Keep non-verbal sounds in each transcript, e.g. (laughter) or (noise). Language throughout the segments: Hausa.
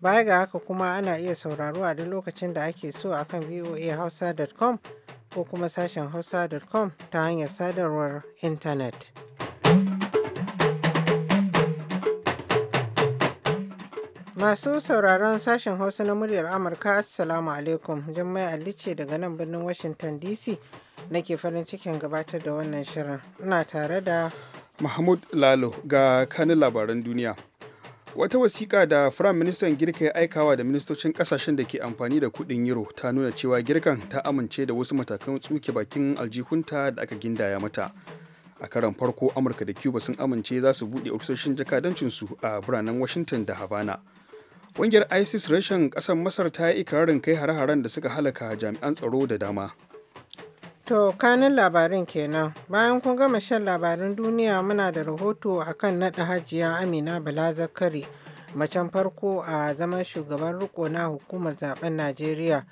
Baya ga haka kuma ana iya sauraro a duk lokacin da ake so a kan voahausa.com ko kuma sashen hausa.com ta hanyar sadarwar intanet. Masu sauraron sashen Hausa na muryar Amurka Assalamu alaikum Jummai Ali ce daga nan birnin Washington DC nake farin cikin gabatar da wannan shirin. Ina tare da Mahmud Lalo ga kanin labaran duniya. wata wasiƙa da firayim ministan girka ya aikawa da ministocin ƙasashen da ke amfani da kuɗin euro ta nuna cewa girkan ta amince da wasu matakan tsuke bakin aljihunta da aka gindaya mata a karan farko amurka da cuba sun amince za su buɗe ofisoshin jakadancinsu a biranen washington da havana ƙungiyar isis rashin ƙasar masar ta yi ikirarin kai hare-haren da suka halaka jami'an tsaro da dama To kanin labarin kenan bayan kun gama shan labarin duniya muna da rahoto akan naɗa hajiya Amina Bala Zakari macen farko a zaman shugaban riko na hukumar zaben Najeriya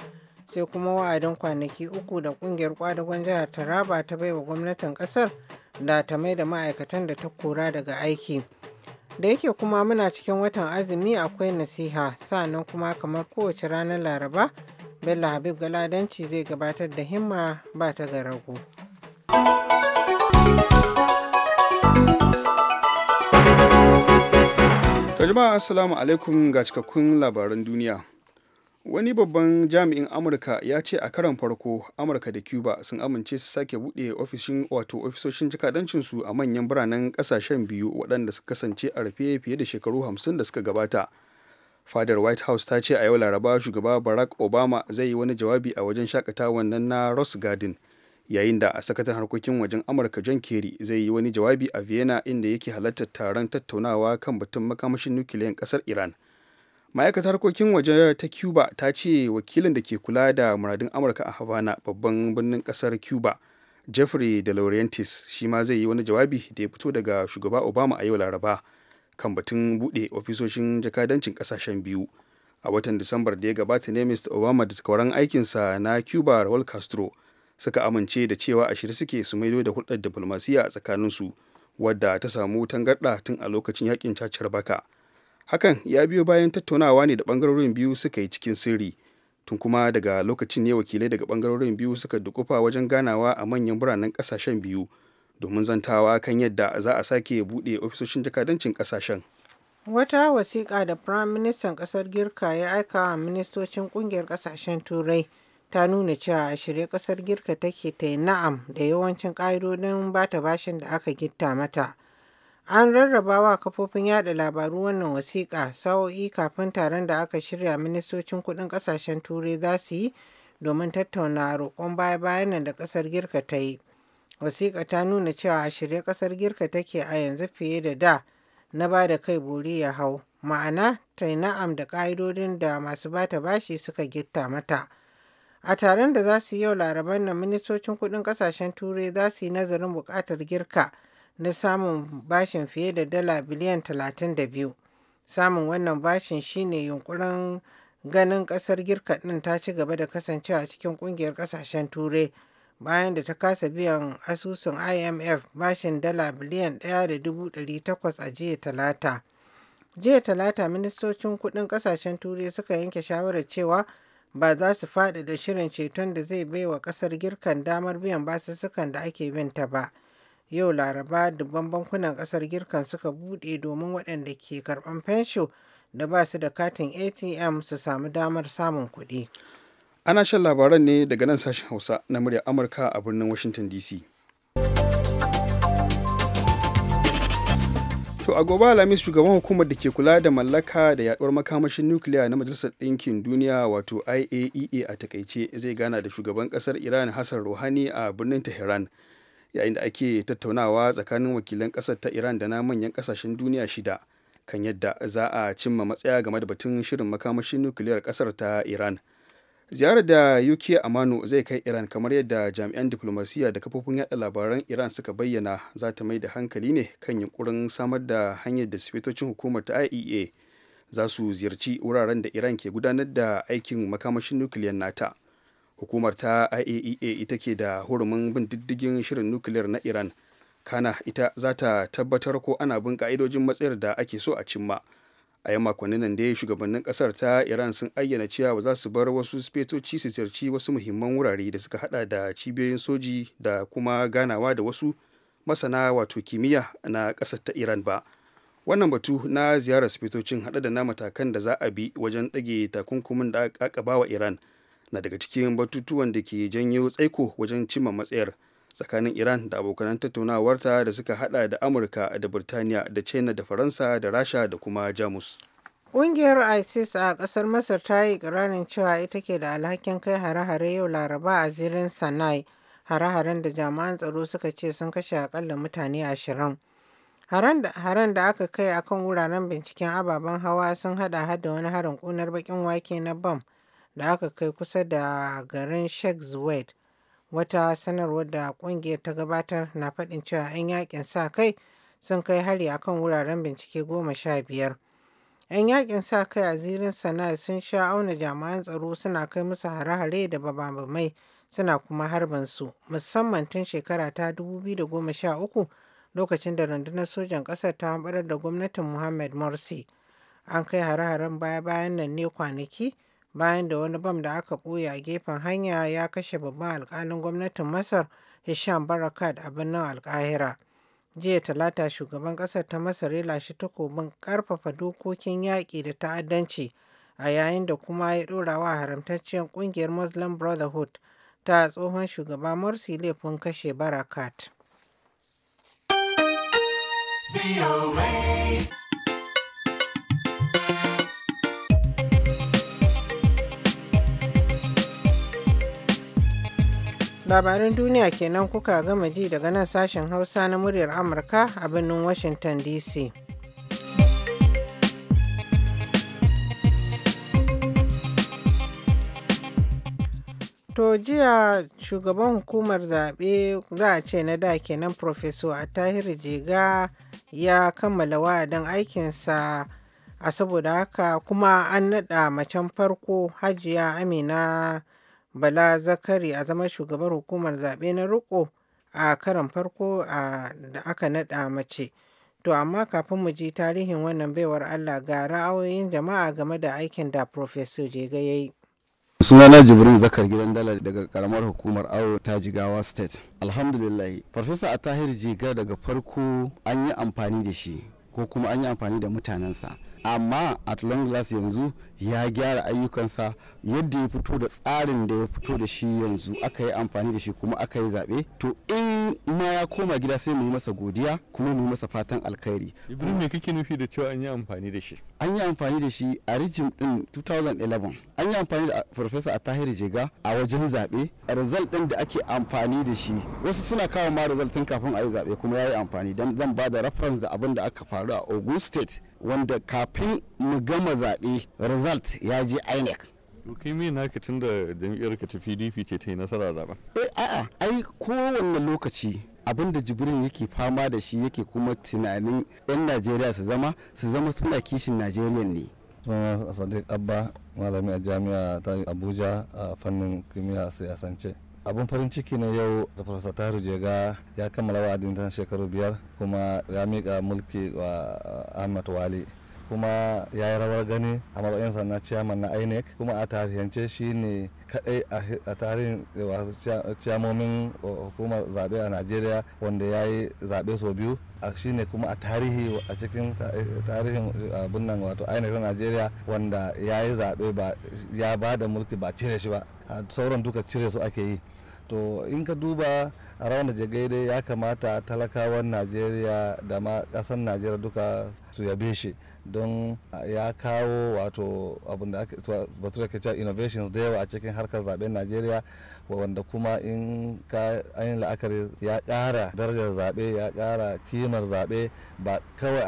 sai kuma wa'adin kwanaki uku da kungiyar kwadagon jihar Taraba ta baiwa gwamnatin kasar da ta mai da ma'aikatan da ta kora daga aiki. Da yake kuma muna cikin watan azumi akwai nasiha sannan kuma kamar kowace ranar Laraba Bello Habib Galadanci zai gabatar da himma ba ta ga rago. jama'a assalamu alaikum ga cikakkun labaran duniya wani babban jami'in amurka ya ce a karon farko amurka da cuba sun amince su sake buɗe ofishin wato ofisoshin jikadancinsu a manyan biranen ƙasashen biyu waɗanda suka kasance a rufe fiye da shekaru hamsin da suka gabata fadar white house ta ce a yau laraba shugaba barack obama zai yi wani jawabi a wajen shakatawa nan na ross garden yayin da a sakatan harkokin wajen amurka john kerry zai yi wani jawabi a vienna inda yake halartar taron tattaunawa kan batun makamashin nukiliyan kasar iran ma'aikatar harkokin waje ta cuba ta ce wakilin da ke kula da muradun amurka a havana babban birnin kasar cuba jeffrey de laurentis shi ma zai yi wani jawabi da ya fito daga shugaba obama a yau laraba kan batun buɗe ofisoshin jakadancin kasashen biyu a watan disambar da ya gabata ne mr obama da takwaran aikinsa na cuba raul castro suka amince da cewa a shirye suke su maido da hulɗar diflomasiyya a tsakaninsu wadda ta samu tangarɗa tun a lokacin yakin cacar baka hakan ya biyo bayan tattaunawa ne da ɓangarorin biyu suka yi cikin sirri tun kuma daga lokacin ne wakilai daga ɓangarorin biyu suka dukufa wajen ganawa a manyan biranen ƙasashen biyu domin zantawa kan yadda za a sake buɗe ofisoshin jakadancin ƙasashen. Wata wasiƙa da Firayim Ministan ƙasar Girka ya aika wa ministocin ƙungiyar ƙasashen Turai ta nuna cewa a shirye ƙasar Girka take ta na'am da yawancin ƙa'idodin ba ta bashin da aka gitta mata. An rarraba wa kafofin yada labaru wannan wasiƙa sa'o'i kafin taron da aka shirya ministocin kuɗin ƙasashen Turai za su yi domin tattauna roƙon baya-bayan nan da ƙasar Girka ta yi. wasiƙa ta nuna cewa a shirye ƙasar girka take a yanzu fiye da da na ba da kai buri ya hau ma'ana ta na'am da ƙa'idodin da masu bata bashi suka gitta mata a taron da za su yi yau laraban na ministocin kudin kasashen turai za su yi nazarin buƙatar girka na samun bashin fiye da dala biliyan 32 samun wannan bashin shine yunkurin ganin ƙasar girka ɗin ta ci gaba da kasancewa cikin ƙungiyar ƙasashen turai bayan da ta kasa biyan asusun imf bashin dala biliyan ɗaya da dubu ɗari takwas a jiya talata jiya talata ministocin kudin kasashen turai suka yanke shawarar cewa ba za su da shirin ceton da zai bai wa ƙasar girkan damar biyan basussukan da ake bin ta ba yau laraba dubban bankunan ƙasar girkan suka buɗe domin waɗanda ke karɓan fensho da ba su da katin atm su samu damar samun kuɗi. ana shan labaran ne daga nan sashen hausa na murya amurka a birnin washington dc To a gobe Alhamis shugaban hukumar da ke kula da mallaka da yaduwar makamashin nukiliya na Majalisar Ɗinkin Duniya wato IAEA e a takaice zai gana da shugaban ƙasar Iran Hassan Rouhani a birnin Tehran yayin da ake tattaunawa tsakanin wakilan ƙasar ta Iran da na manyan ƙasashen duniya shida kan yadda za a cimma matsaya game da batun shirin makamashin nukiliyar ƙasar ta Iran. ziyarar da uk amano zai kai iran kamar yadda jami'an diplomasiya da kafofin yada labaran iran suka bayyana za ta mai da hankali ne kan yunkurin samar da hanyar da sifitocin hukumar ta iea za su ziyarci wuraren da iran ke gudanar da aikin makamashin nukiliyar nata hukumar ta iaea ita ke da hurumin bin diddigin shirin nukiliyar na iran kana ita za ta tabbatar ko ana bin ka'idojin matsayar da ake so a cimma a yan makonnin nan dai shugabannin kasar ta iran sun ayyana cewa ba za su bar wasu spetoci su ziyarci wasu muhimman wurare da suka hada da cibiyoyin soji da kuma ganawa da wasu masana wato kimiyya na kasar ta iran ba wannan batu na ziyarar spetocin hada da na matakan da za a bi wajen dage takunkumin da aka bawa iran na daga cikin batutuwan da ke janyo tsaiko wajen cimma matsayar tsakanin iran da abokanan tattaunawarta da suka hada da amurka da birtaniya da china da faransa da rasha da kuma jamus ƙungiyar isis a ƙasar masar ta yi ƙirarin cewa ita ke da alhakin kai hare-hare yau laraba a zirin sanai hare-haren da jami'an tsaro suka ce sun kashe akalla mutane ashirin haren da aka kai akan wuraren binciken ababen hawa sun hada hada wani harin kunar bakin wake na bam da aka kai kusa da garin sheikh wata sanarwar da kungiyar ta gabatar na faɗin cewa 'yan yakin sa kai sun kai hari kan wuraren bincike goma sha biyar 'yan yakin sa kai a zirin sana'a sun sha auna jami'an tsaro suna kai musu hare-hare da babamai suna kuma harban su musamman tun shekara ta dubu biyu da goma sha uku, lokacin da rundunar sojan ƙasar ta hamɓarar da gwamnatin muhammad morsi an kai hare-haren baya-bayan nan ne kwanaki bayan da wani bam da aka ɓoye a gefen hanya ya kashe babban alƙalin gwamnatin masar hisham barakat a birnin alkahira jiya talata shugaban ƙasar ta masar ya lashe takobin ƙarfafa dokokin yaƙi da ta'addanci a yayin da kuma ya ɗora wa haramtacciyar ƙungiyar muslim brotherhood ta tsohon shugaba morsi laifin kashe barakat. labaran duniya kenan kuka gama ji daga nan sashen hausa na muryar amurka a birnin washington dc To jiya shugaban hukumar zaɓe za a ce na da kenan Profeso Tahir jiga ya kammala wa'adin aikinsa a saboda haka kuma an naɗa macen farko Hajiya Amina Bala Zakari a zama shugaban hukumar zaɓe na riko a karan farko da aka naɗa mace. To amma kafin mu ji tarihin wannan baiwar Allah ga ra'ayoyin jama'a game da aikin da Professor Jega ya yi. sunana jibrin zakar gidan dala daga karamar hukumar awo ta jigawa state alhamdulillah farfesa a tahir jigar daga farko an yi amfani da shi ko kuma an yi amfani da mutanensa amma at long last yanzu ya gyara ayyukansa yadda ya fito da tsarin da ya fito da shi yanzu aka yi amfani da shi kuma aka yi zaɓe to in ma ya koma gida sai mu yi masa godiya kuma mu yi masa fatan alkhairi ibrahim me kake nufi da cewa an yi amfani da shi an yi amfani da shi a rijim din 2011 an yi amfani da farfesa a tahir jega a wajen zaɓe result din da ake amfani da shi wasu suna kawo ma result tun kafin a yi zaɓe kuma ya yi amfani don zan ba da reference da abin da aka faru a ogun state wanda kafin mu gama zaɓe result result ya je inec kai me naka tun da jami'ar ka ta pdp ce ta yi nasara zaben eh a'a ai kowanne lokaci abin da jibrin yake fama da shi yake kuma tunanin 'yan najeriya su zama su zama suna kishin najeriya ne suna sadiq abba malami a jami'a ta abuja a fannin kimiyya siyasance abin farin ciki na yau da farsa taru jega ya kammala wa'adin ta shekaru biyar kuma ya mika mulki wa ahmad wali kuma ya yi rawar gani a matsayin na ciyaman na inec kuma a tarihance shi ne kadai a tarihin ciyamomin hukumar zaɓe a najeriya wanda ya yi zaɓe sau biyu a shi ne kuma a tarihi a cikin tarihin abin nan wato inec na najeriya wanda ya yi zaɓe ya ba da mulki ba cire shi ba sauran duka cire su ake yi to in ka duba a rawan da ya kamata talakawan najeriya da ma ƙasar najeriya duka su yabe shi don ya kawo wato abin da ke cewa innovations da yawa a cikin harkar zaben najeriya wanda kuma in ka ainihin la'akari ya ƙara darajar zaɓe ya ƙara kimar zaɓe ba kawai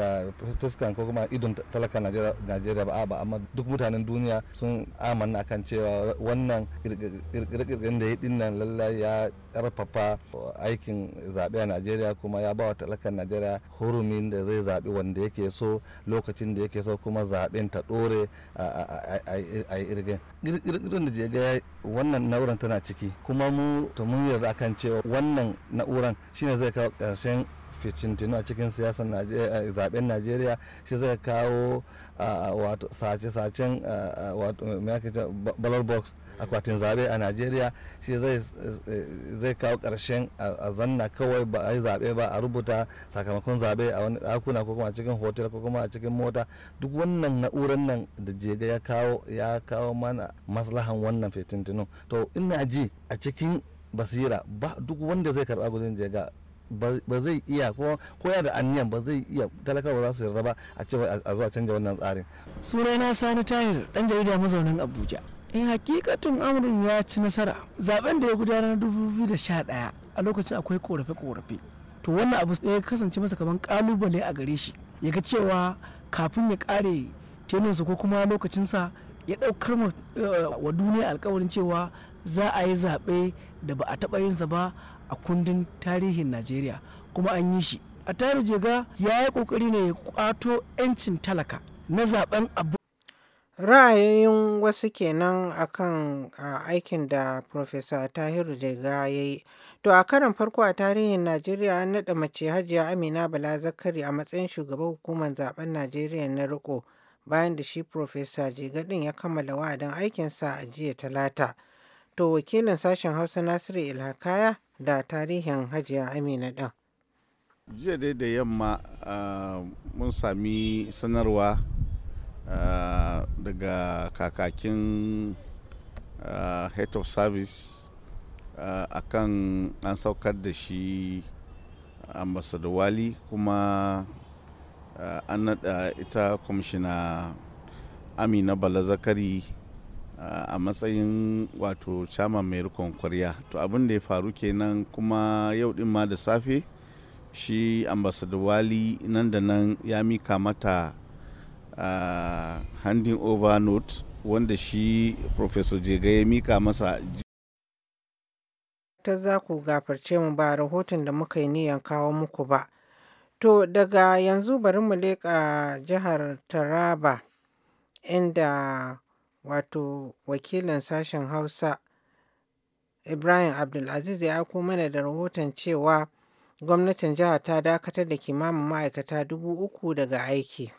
a fuskan ko kuma idon talaka najeriya ba ba amma duk mutanen duniya sun amana kan cewa wannan kirkirkirin da ya dinnan lallai ya karfafa aikin zaɓe a najeriya kuma ya bawa talakan najeriya hurumin da zai zaɓi wanda yake so lokacin da yake so kuma zaɓen ta ɗore a irgin kirkirin da je wannan na'uran tana ciki kuma mu to mun yarda kan cewa wannan na'uran shine zai kawo ƙarshen ficintinu a cikin siyasar eh, eh, zaben najeriya shi zai kawo ah, ah, wato sace-sacen ah, ballot box akwatin zabe a najeriya shi zai eh, kawo karshen a zanna kawai ba a yi zabe ba a rubuta sakamakon zabe a wani dakuna ko kuma a cikin hotel ko kuma a cikin mota duk wannan na'urar nan da jega ya kawo ya kawo mana maslahan wannan fitintinu to ina ji a cikin basira ba duk wanda zai karba gudun jega ba zai iya ko ya da anniyan ba zai iya talaka ba za su yarda ba a ce a zuwa canja wannan tsarin sunana sani tahir dan jarida mazaunin abuja in hakikatin amurin ya ci nasara zaben da ya gudanar 2011 a lokacin akwai korafe-korafe to wannan abu ya kasance masa kamar kalubale a gare shi ya ga cewa kafin ya kare teninsa ko kuma lokacinsa ya ɗaukar eh, wa duniya alkawarin cewa za a yi zaɓe da ba a taɓa yinsa ba a kundin tarihin najeriya kuma an yi shi a tare jega ya yi kokari ne ya kwato 'yancin talaka na zaben abu ra'ayoyin wasu kenan akan aikin da Profesa Tahiru jega ya yi. To a karan farko a tarihin Najeriya an naɗa mace Hajiya Amina Bala Zakari a matsayin shugaban hukumar zaben Najeriya na riko bayan da shi Profesa ɗin ya kammala wa'adin aikinsa a jiya talata. To wakilin sashen Hausa Nasiru Ilhakaya da tarihin hajiya amina ɗan jiya dai da yamma mun sami sanarwa daga kakakin head of service a kan an saukar da shi ambassador wali kuma an naɗa ita kwamishina amina bala zakari a matsayin wato chairman mai rikon kwarya to abin da ya faru kenan kuma yau din ma da safe shi ambassador wali nan da nan ya mika mata uh, handing over note wanda shi professor jega ya mika masa ta za ku gafarce mu ba rahoton da muka yi niyan kawo muku ba to daga yanzu bari mu leƙa jihar taraba inda wato wakilin sashen Hausa Ibrahim Abdulaziz ya aiko mana da rahoton cewa gwamnatin jihar ta dakatar da kimanin ma'aikata dubu uku daga aiki.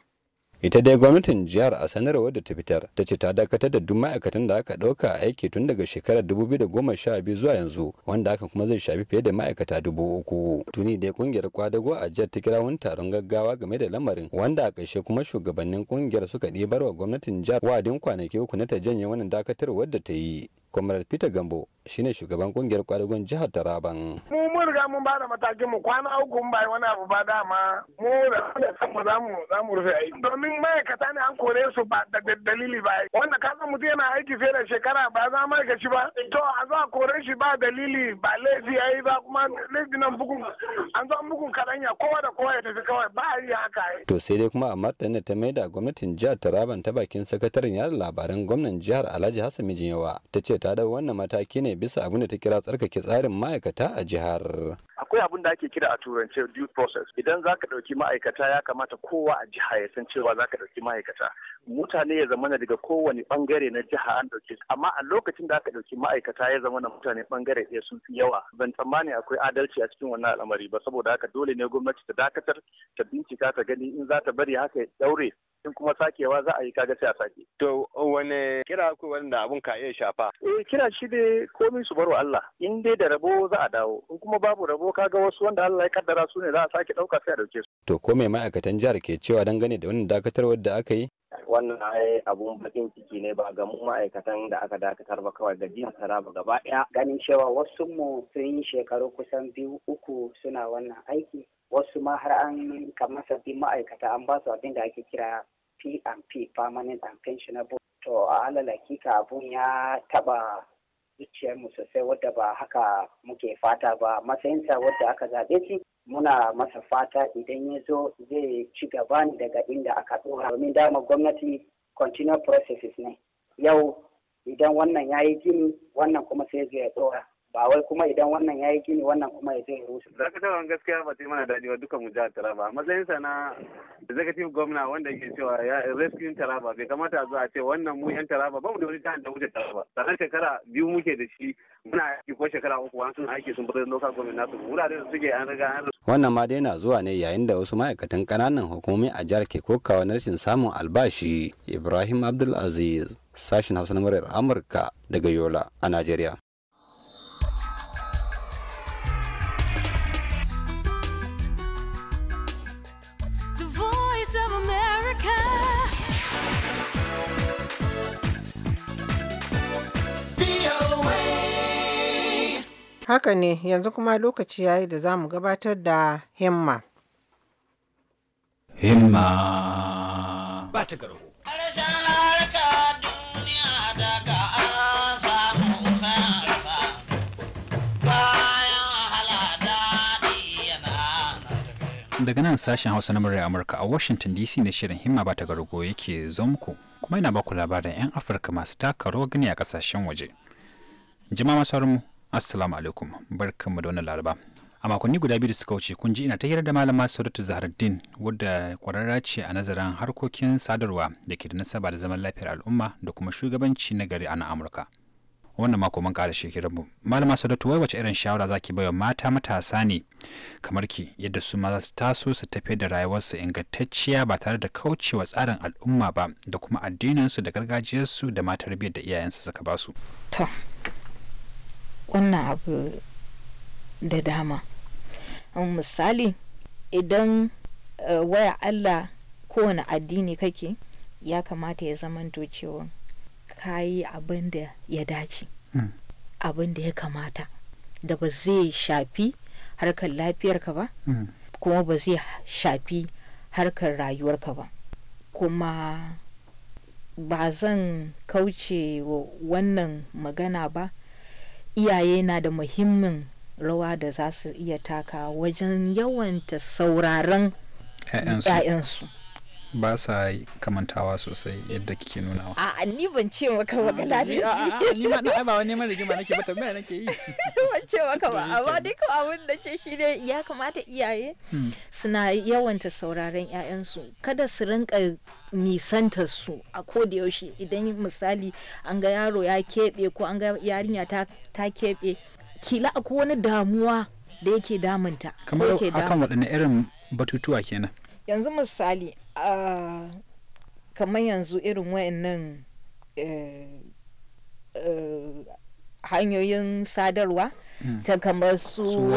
ita dai gwamnatin jihar a sanarwar da ta fitar ta ce ta dakatar da duk ma'aikatan da aka ɗauka a aiki tun daga shekarar 2012 zuwa yanzu wanda haka kuma zai shafi fiye da ma'aikata dubu uku tuni dai kungiyar kwadago a jihar ta kira wani taron gaggawa game da lamarin wanda a ƙarshe kuma shugabannin kungiyar suka ɗibar wa gwamnatin jihar wa'adin kwanaki uku na ta janye wannan dakatarwar da ta yi Comrade Peter Gambo shine shugaban kungiyar kwadagon jihar Taraban. Mu mun riga mun ba da matakin mu kwana uku mun bai wani abu ba dama mu da da za mu za mu rufe aiki. Domin ma'aikata ne an kore su ba da dalili ba. Wanda ka san mutum yana aiki sai da shekara ba za shi ba. To a za kore shi ba dalili ba laifi yayi ba kuma laifi nan bugun an zo bugun karanya kowa da kowa ya tafi kawai ba a yi haka. To sai dai kuma a martanin ta maida gwamnatin jihar Taraban ta bakin sakataren yada labaran gwamnan jihar Alhaji Hassan Mijinyawa ta ce ta da wannan mataki ne bisa abin da ta kira tsarkake tsarin ma'aikata a jihar akwai abin da ake kira a turance due process idan za ka ɗauki ma'aikata ya kamata kowa a jiha ya san cewa za ka ɗauki ma'aikata mutane ya zamana daga kowane bangare na jiha an ɗauke amma a lokacin da aka ɗauki ma'aikata ya zama na mutane bangare ɗaya sun fi yawa ban tsammani akwai adalci a cikin wannan al'amari ba saboda haka dole ne gwamnati ta dakatar ta bincika ta gani in za ta bari haka ya ɗaure in kuma sakewa za a yi kaga sai a sake. To wane kira akwai wanda abun ka iya shafa? Eh kira shi dai komai su baro Allah in dai da rabo za a dawo in kuma babu rabo ko ga wasu wanda Allah ya kaddara su ne za a sake ɗauka sai a dauke su. To ko mai ma'aikatan jihar ke cewa dangane da wannan dakatarwar da aka yi? Wannan ai abun bakin ciki ne ba ga mu ma'aikatan da aka dakatar ba kawai ga jihar Taraba gaba ɗaya. Ganin cewa wasu mu sun yi shekaru kusan biyu uku suna wannan aiki. Wasu ma har an kamar sabbin ma'aikata an ba su abin da ake kira P&P permanent and pensionable. To a alalaki ka abun ya taba mu sosai wadda ba haka muke fata ba matsayinsa wadda aka zaɓe shi muna masa fata idan ya zo zai ci gaba daga inda aka tsora domin dama gwamnati continual processes ne yau idan wannan ya yi gini wannan kuma sai zai ya tsora ba wai kuma idan wannan ya yi gini wannan kuma ya zai rushe Za ka taɓa gaskiya ba mana daɗi ba dukan mu jihar Taraba matsayin sa na executive governor wanda yake cewa ya rescue Taraba bai kamata a zo a ce wannan mu yan Taraba ba mu da wani jihar da wuce Taraba sannan shekara biyu muke da shi muna aiki ko shekara uku wani suna aiki sun bar local government nasu wuraren da suke an riga an wannan ma dai na zuwa ne yayin da wasu ma'aikatan ƙananan hukumomi a jihar ke kokawa na rashin samun albashi ibrahim abdulaziz sashen hausa na amurka daga yola a najeriya Haka ne, yanzu kuma lokaci yayi da za mu gabatar da himma. Himma ba ta garo. daga nan sashen hausa na murya amurka a washington dc na shirin himma ba ta gargo yake zomku kuma yana baku labarin 'yan afirka masu taka rawar gani a kasashen waje jima masarmu Assalamu alaikum barkanmu da wannan laraba. A makonni guda biyu da suka wuce kun ji ina ta hira da malama Saudatu Zahardin wadda kwararra ce a nazarin harkokin sadarwa da ke da nasaba da zaman lafiyar al'umma da kuma shugabanci na gari a nan Amurka. Wannan mako mun ƙara shekarar mu. Malama Saudatu wai wace irin shawara zaki baiwa mata matasa ne kamar ki yadda su ma za su taso su tafi da rayuwarsu ingantacciya ba tare da kaucewa tsarin al'umma ba da kuma addininsu da gargajiyarsu da matar biyar da iyayensu suka basu. su wannan abu da dama misali idan eh, waya allah kowane addini kake ya kamata ya zama cewa ka abin da ya dace hmm. abin da ya kamata da ba zai shafi harkar lafiyarka ba hmm. kuma ba zai shafi harkar rayuwarka ba kuma ba zan kauce wa wannan magana ba iyaye na da muhimmin rawa da za su iya taka wajen yawanta sauraron 'ya'yansu ba sa kamantawa sosai yadda kike nunawa a ni ban ce maka ba a ni ma na ba wani mara rigima nake ba tambaya nake yi (laughs) ban ce maka ba amma dai ko abin da ce shi ne ya kamata iyaye hmm. suna yawanta sauraron 'ya'yansu kada su rinka nisantar su a da yaushe idan misali an ga yaro ya keɓe ko an ga yarinya ta keɓe kila a wani damuwa da yake damunta kamar akan waɗanne irin batutuwa kenan yanzu misali kamar yanzu irin wayannan eh, eh, hanyoyin sadarwa Mm. ta kamar su mm,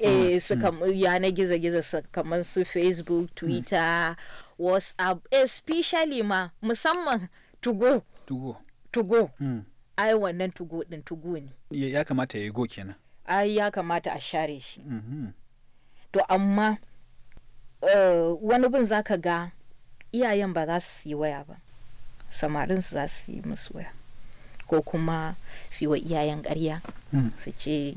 eh, mm. yana gizo-gizo kamar su facebook twitter whatsapp especially eh, ma musamman tugo tugo tugo ai wannan tugo din tugo ne ya kamata ya yi go kenan ai ya kamata a share shi mm-hmm. to amma eh, wani bin za ka ga iyayen ba za su yi waya ba samarin su za su yi musu waya ko kuma su wa iyayen ƙarya hmm. su ce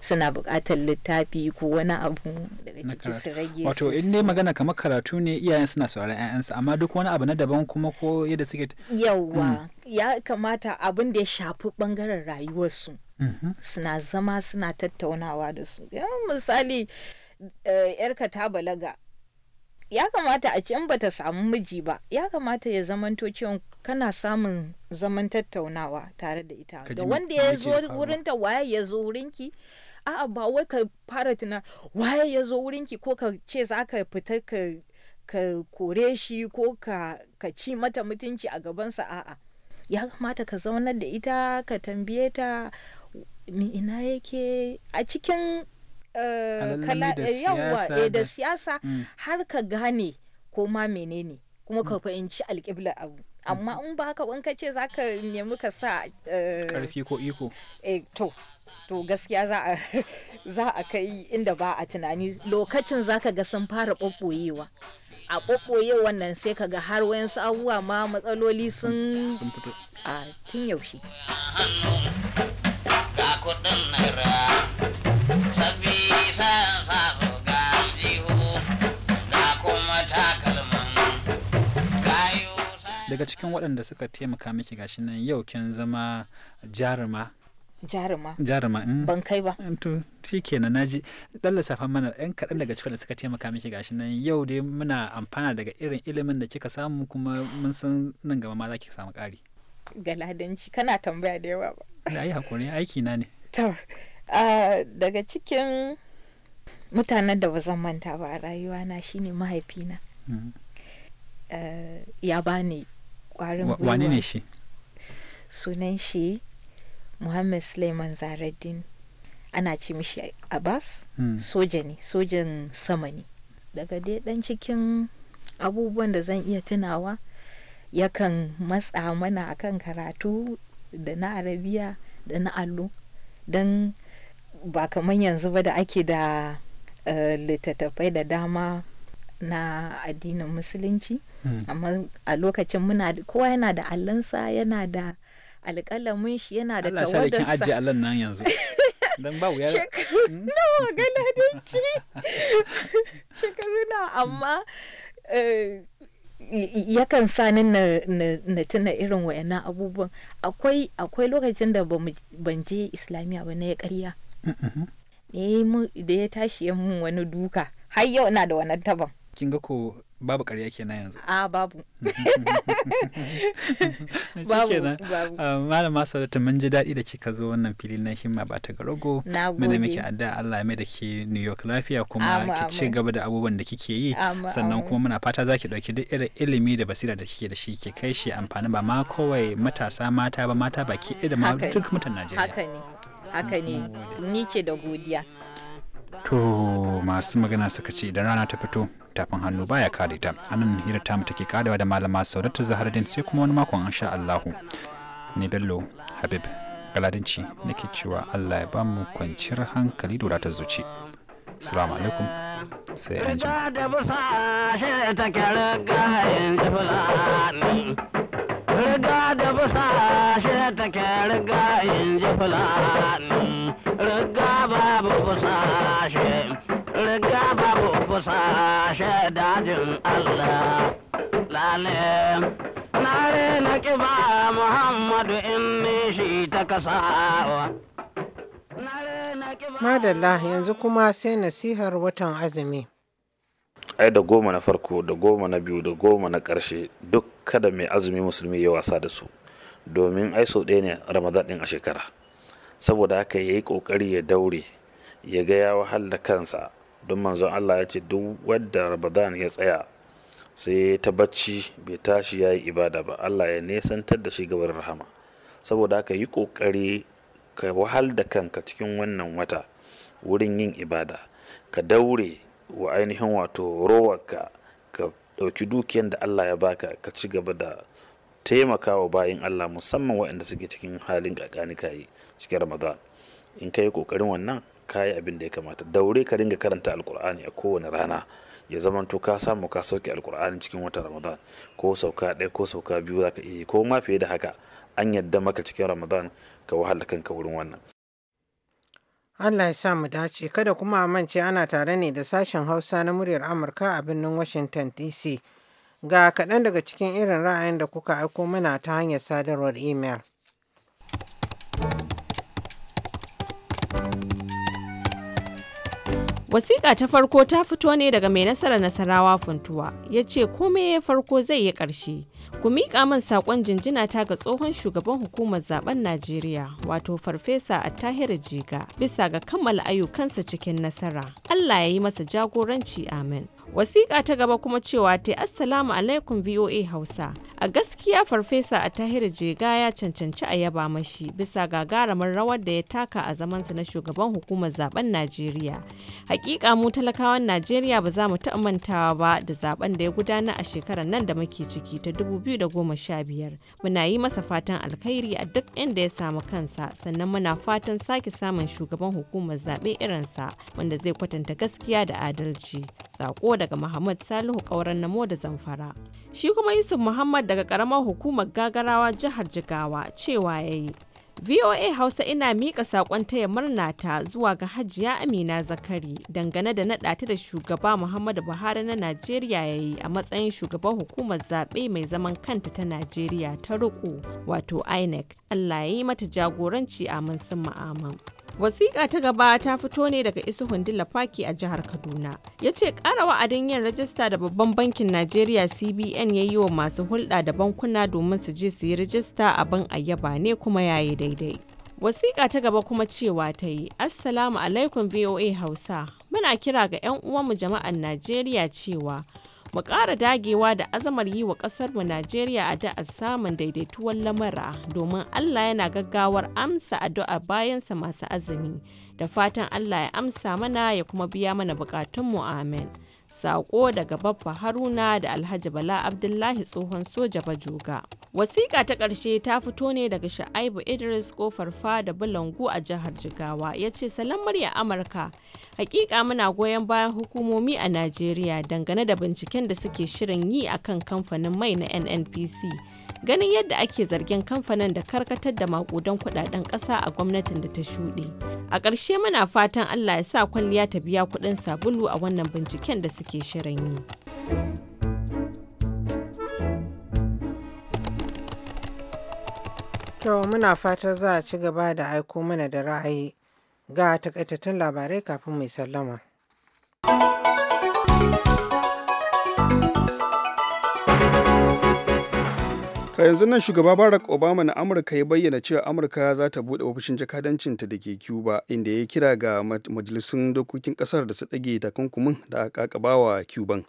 suna buƙatar littafi ko wani abu daga ciki su rage wato in ne magana kamar karatu ne iyayen suna sauraron 'ya'yansu amma duk wani abu na daban kuma ko yadda suke yawa hmm. ya kamata abin da ya shafi bangaren rayuwarsu mm-hmm. suna zama suna tattaunawa da su misali yarka eh, ta balaga ya kamata a ce in bata samu miji ba ya kamata ya zamanto cewa kana samun zaman tattaunawa tare da ita da wanda ya zo wurinta waye ya zo wurinki a'a ba wai ka fara tunan waye ya zo wurinki ko ka ce za ka fita ka ka kore shi ko ka ka ci mata mutunci a gabansa a'a ya kamata ka zaunar da ita ka tambaye ta ina yake a cikin Eh, eh, yawa eh, da siyasa mm. har ka gane ko ma menene kuma ka mm. fahimci alƙiblar abu mm. amma in ba haka wanka ka ce za ka nemi ka sa ƙarfi ko iko to to gaskiya (laughs) za a kai inda ba a tunani lokacin za ka ga sun fara ɓoɓɓoyewa a ɓoɓɓoye wannan sai ka ga har wayansu abubuwa ma matsaloli sun fito a tun yaushe daga cikin waɗanda suka taimaka miki gashi nan yau kin zama jaruma jaruma jaruma in mm. ban kai ba mm, to shi kenan naji dan lissafa mana ɗan kaɗan daga cikin da suka taimaka miki gashi nan yau dai muna amfana daga irin ilimin da kika samu kuma mun san nan gaba ma za ki samu ƙari galadanci kana tambaya da yawa ba da yi hakuri aiki na ne to daga cikin mutanen da ba zan manta ba a rayuwa na shine mahaifina mm. eh, ya bani kwarin gwiwa wani ne shi sunan shi muhammad suleiman zaradin ana ce mishi abbas hmm. soja ne sojan sama ne daga dai dan cikin abubuwan da zan iya tunawa yakan matsa mana a kan karatu da na arabiya da na allo don ba kamar yanzu ba da ake da eh, littattafai da dama na addinin musulunci hmm. amma a lokacin muna kowa yana da allansa yana da alƙalamin shi yana da kawadarsa Allah sarakin ajiye allan nan yanzu (laughs) dan ba wuya hmm? (laughs) nawa galadanci (laughs) shekaru na amma eh, yakan sa ni na tuna irin wayannan abubuwan akwai akwai lokacin da ban je islamiyya ba na ya karya mm-hmm. da ya tashi ya mun wani duka har yau na da wannan taban kin ga ko babu ƙarya kenan yanzu a ah, babu (laughs) babu babu ah, malama da mun ji daɗi da kika zo wannan fili na himma ba ta garogo mana miki adda Allah mai da ke New York lafiya kuma ki ci gaba da abubuwan da kike yi sannan kuma muna fata za ki ɗauki duk irin ilimi da basira da kike da shi ke kai shi amfani ba ma kawai matasa mata ba mata baki ɗaya da ma duk mutan Najeriya haka ne haka ne ni ce da godiya to masu magana suka ce idan rana ta fito tafin hannu baya kare ta anan hira ta take karewa da malama saudatu din sai kuma wani makon an sha allahu ne bello habib galadinci nake cewa allah ya bamu kwanciyar hankali da ta zuci assalamu alaikum sai an riga ji fulani babu busa shi sa dajin Allah lale na na kiba Muhammadu in shi ta kasawa. Madalla yanzu kuma sai nasihar watan azumi. Ai da goma na farko da goma na biyu da goma na ƙarshe duk kada mai azumi musulmi ya wasa da su domin ai sau ɗaya ne ramadan ɗin a shekara saboda haka ya yi ƙoƙari ya daure ya ga ya wahala kansa don manzon Allah ya ce duk wadda Ramadan ya tsaya sai ta bacci bai tashi ya yi ibada ba Allah ya nesantar da shi gabar rahama saboda haka yi kokari ka wahal da kanka cikin wannan wata wurin yin ibada ka daure wa ainihin wato rowarka ka ɗauki dukiyan da Allah ya baka ka ci gaba da taimakawa bayan Allah musamman waɗanda suke cikin halin ƙaƙani kayi cikin Ramadan in ka yi ƙoƙarin wannan kayi abin da ya kamata daure ka ringa karanta alkur'ani a kowane rana ya zama to ka samu ka sauke alkur'ani cikin watan ramadan ko sauka ɗaya ko sauka biyu za ka iya ko ma fiye da haka an yadda maka cikin ramadan ka wahala kanka wurin wannan Allah ya sa mu dace kada kuma a mance ana tare ne da sashen Hausa na muryar Amurka a birnin Washington DC. Ga kaɗan daga cikin irin ra'ayin da kuka aiko mana ta hanyar sadarwar imel. Wasiƙa ta farko ta fito ne daga mai nasara nasarawa funtuwa ya ce komai ya farko zai yi ƙarshe. Ku miƙa min saƙon jinjina ta ga tsohon shugaban hukumar zaben Najeriya wato farfesa a tahir jiga bisa ga kammala ayyukansa cikin nasara. Allah ya yi masa jagoranci amin. wasiƙa ta gaba kuma cewa ta assalamu alaikum voa hausa a gaskiya farfesa a tahir jega ya cancanci a yaba mashi bisa gagaramar rawar da ya taka a zamansa na shugaban hukumar zaben najeriya hakika mu talakawan najeriya ba za mu taɓa mantawa ba da zaben da ya gudana a shekarar nan da muke ciki ta 2015 muna yi masa fatan alkhairi a duk inda ya samu kansa sannan muna fatan sake samun shugaban hukumar zaɓe irinsa wanda zai kwatanta gaskiya da adalci sako daga Muhammad Salihu ƙauren namo da Zamfara. Shi kuma Yusuf Muhammad daga ƙaramar hukumar gagarawa jihar Jigawa cewa ya yi. VOA Hausa ina miƙa saƙon taya murna ta zuwa ga Hajiya Amina Zakari dangane da naɗa ta da shugaba Muhammadu Buhari na Najeriya ya yi a matsayin shugaban hukumar zaɓe mai zaman kanta ta Najeriya ta riƙo wato INEC. Allah ya yi mata jagoranci mun sun ma'aman. wasiƙa ta gaba ta fito ne daga isu hundila faki a jihar kaduna ya ce ƙara wa'adin yin rajista da babban bankin najeriya cbn ya yi wa masu hulɗa da bankuna domin su je su yi rajista ban ayyaba ne kuma yayi da daidai. Wasiƙa ta gaba kuma cewa ta yi, Assalamu alaikum VOA Hausa, muna kira ga 'yan uwanmu jama'an Najeriya cewa mu ƙara dagewa da azamar yi wa ƙasarmu Najeriya addu'ar samun daidaituwar lamara domin Allah yana gaggawar amsa addu'a bayansa masu azumi da fatan Allah ya amsa mana ya kuma biya mana buƙatunmu amen. Sako daga Baffa Haruna da Alhaji Bala Abdullahi tsohon soja Bajoga. Wasiƙa ta ƙarshe ta fito ne daga Sha'aibu Idris ƙofar da Bulangu a jihar Jigawa ya ce salon murya Amurka. Hakika muna goyon bayan hukumomi a Najeriya dangane da binciken da suke shirin yi akan kamfanin mai na NNPC. ganin yadda ake zargin kamfanin da karkatar da makudan kudaden ƙasa a gwamnatin da ta shuɗe a ƙarshe muna fatan allah ya sa kwalliya ta biya kuɗin sabulu a wannan binciken da suke shirin yi to muna fatan za a ci gaba da aiko mana da ra'ayi ga takaitattun labarai kafin mai sallama. To yanzu nan shugaba barack obama na amurka ya bayyana cewa amurka za ta buɗe ofishin jakadancinta da ke cuba inda ya kira ga majalisun dokokin ƙasar da su ɗage takunkumin da aka bawa cuban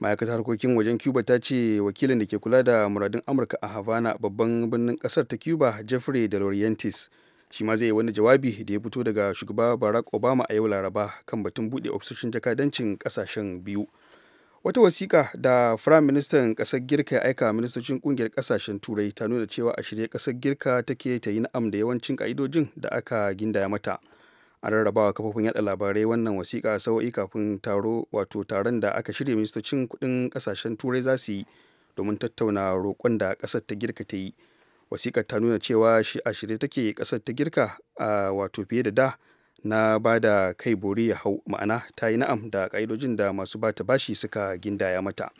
ma'aikatar harkokin wajen cuba ta ce wakilin da ke kula da muradun amurka a havana babban birnin kasar ta cuba jeffrey de shi ma zai yi wani jawabi da ya fito daga shugaba barack obama a yau laraba kan batun buɗe ofisoshin jakadancin ƙasashen biyu wata wasiƙa da firayim ministan ƙasar girka ya aika ministocin ƙungiyar ƙasashen turai ta nuna cewa a shirye ƙasar girka take ta yi na'am da yawancin ƙa'idojin da aka gindaya mata an rarrabawa kafofin yaɗa labarai wannan wasiƙa sawa'i kafin taro wato taron da aka shirya ministocin kuɗin ƙasashen turai za su yi domin tattauna roƙon da ƙasar ta girka ta yi wasiƙar ta nuna cewa shi a shirye take ƙasar ta girka a wato fiye da da na ba da kai bori ya hau ma'ana ta yi na'am da ƙa'idojin da masu bata bashi suka gindaya mata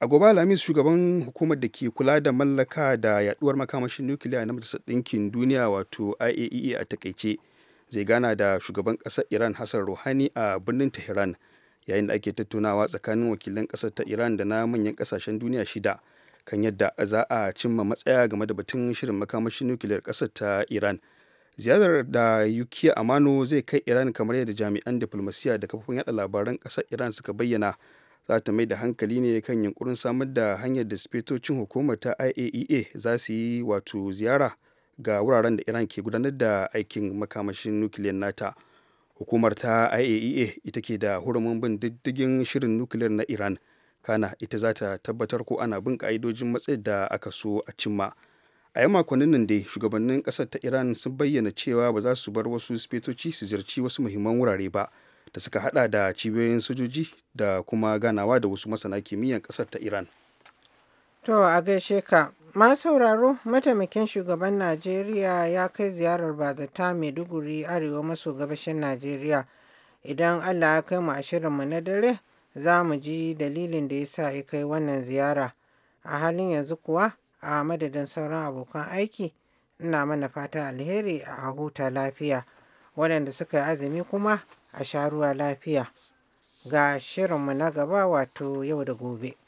a gobe alhamis shugaban hukumar da ke kula da mallaka da yaduwar makamashin nukiliya na matasa ɗinkin duniya wato iaea e a takaice zai gana da shugaban ƙasar iran hassan rouhani a birnin tehran yayin da ake tattaunawa tsakanin wakilan ƙasar ta iran da na manyan ƙasashen duniya shida kan yadda za a cimma matsaya game da batun shirin makamashin nukiliyar ƙasar ta iran ziyarar da a amano zai kai iran kamar yadda jami'an diflomasiyya da kafofin yada labaran ƙasar iran suka bayyana za ta mai da hankali ne kan yunkurin samar da hanyar da sifetocin hukumar ta iaea e za su yi wato ziyara ga wuraren da iran ke gudanar da aikin makamashin nukiliyar nata hukumar ta iaea e ita ke da hurumin bin diddigin shirin nukiliyar na iran kana ita za ta tabbatar ko ana bin ka'idojin matsayin da aka so a cimma a yan makonnin nan dai shugabannin kasar ta iran sun bayyana cewa ba za su bar wasu sifetoci su ziyarci wasu muhimman wurare ba da suka hada da cibiyoyin sojoji da kuma ganawa da wasu masana kimiyyar kasar ta iran to a gaishe ka ma sauraro mataimakin shugaban najeriya ya kai ziyarar bazata maiduguri arewa maso gabashin najeriya idan allah ya kai mu ashirinmu na dare za mu ji dalilin da ya sa ya kai wannan ziyara a halin yanzu kuwa a madadin sauran abokan aiki ina mana fata alheri a huta lafiya waɗanda suka yi azumi kuma a sha lafiya ga shirinmu na gaba wato yau da gobe.